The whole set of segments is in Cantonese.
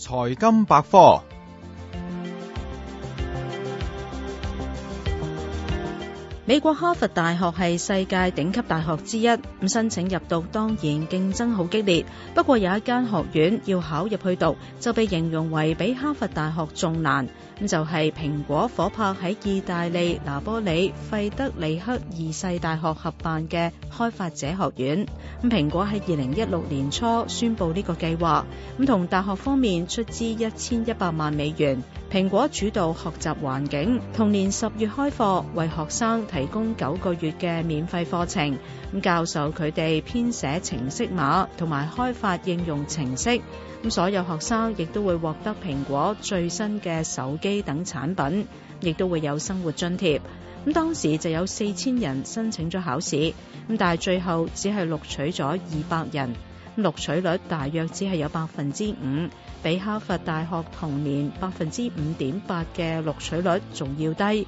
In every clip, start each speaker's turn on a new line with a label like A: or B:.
A: 財經百科。美國哈
B: 佛大學係世界頂級大學之一，咁申請入讀當然競爭好激烈。不過有一間學院要考入去讀，就被形容為比哈佛大學仲難，咁就係、是、蘋果夥拍喺意大利拿波里費德里克二世大學合辦嘅開發者學院。咁蘋果喺二零一六年初宣布呢個計劃，咁同大學方面出資一千一百萬美元，蘋果主導學習環境，同年十月開課，為學生提提供九個月嘅免費課程，咁教授佢哋編寫程式碼同埋開發應用程式，咁所有學生亦都會獲得蘋果最新嘅手機等產品，亦都會有生活津貼。咁當時就有四千人申請咗考試，咁但係最後只係錄取咗二百人，錄取率大約只係有百分之五，比哈佛大學同年百分之五點八嘅錄取率仲要低。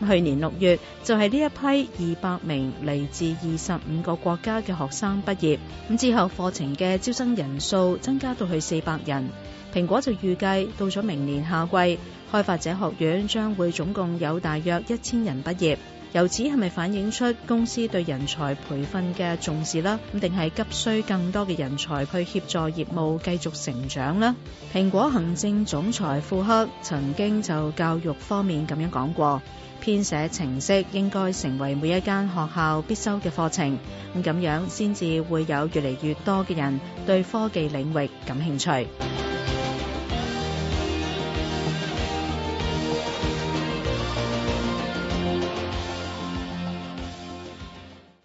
B: 去年六月就係呢一批二百名嚟自二十五個國家嘅學生畢業。咁之後，課程嘅招生人數增加到去四百人。蘋果就預計到咗明年夏季，開發者學院將會總共有大約一千人畢業。由此係咪反映出公司對人才培訓嘅重視啦？咁定係急需更多嘅人才去協助業務繼續成長咧？蘋果行政總裁庫克曾經就教育方面咁樣講過，編寫程式應該成為每一間學校必修嘅課程，咁咁樣先至會有越嚟越多嘅人對科技領域感興趣。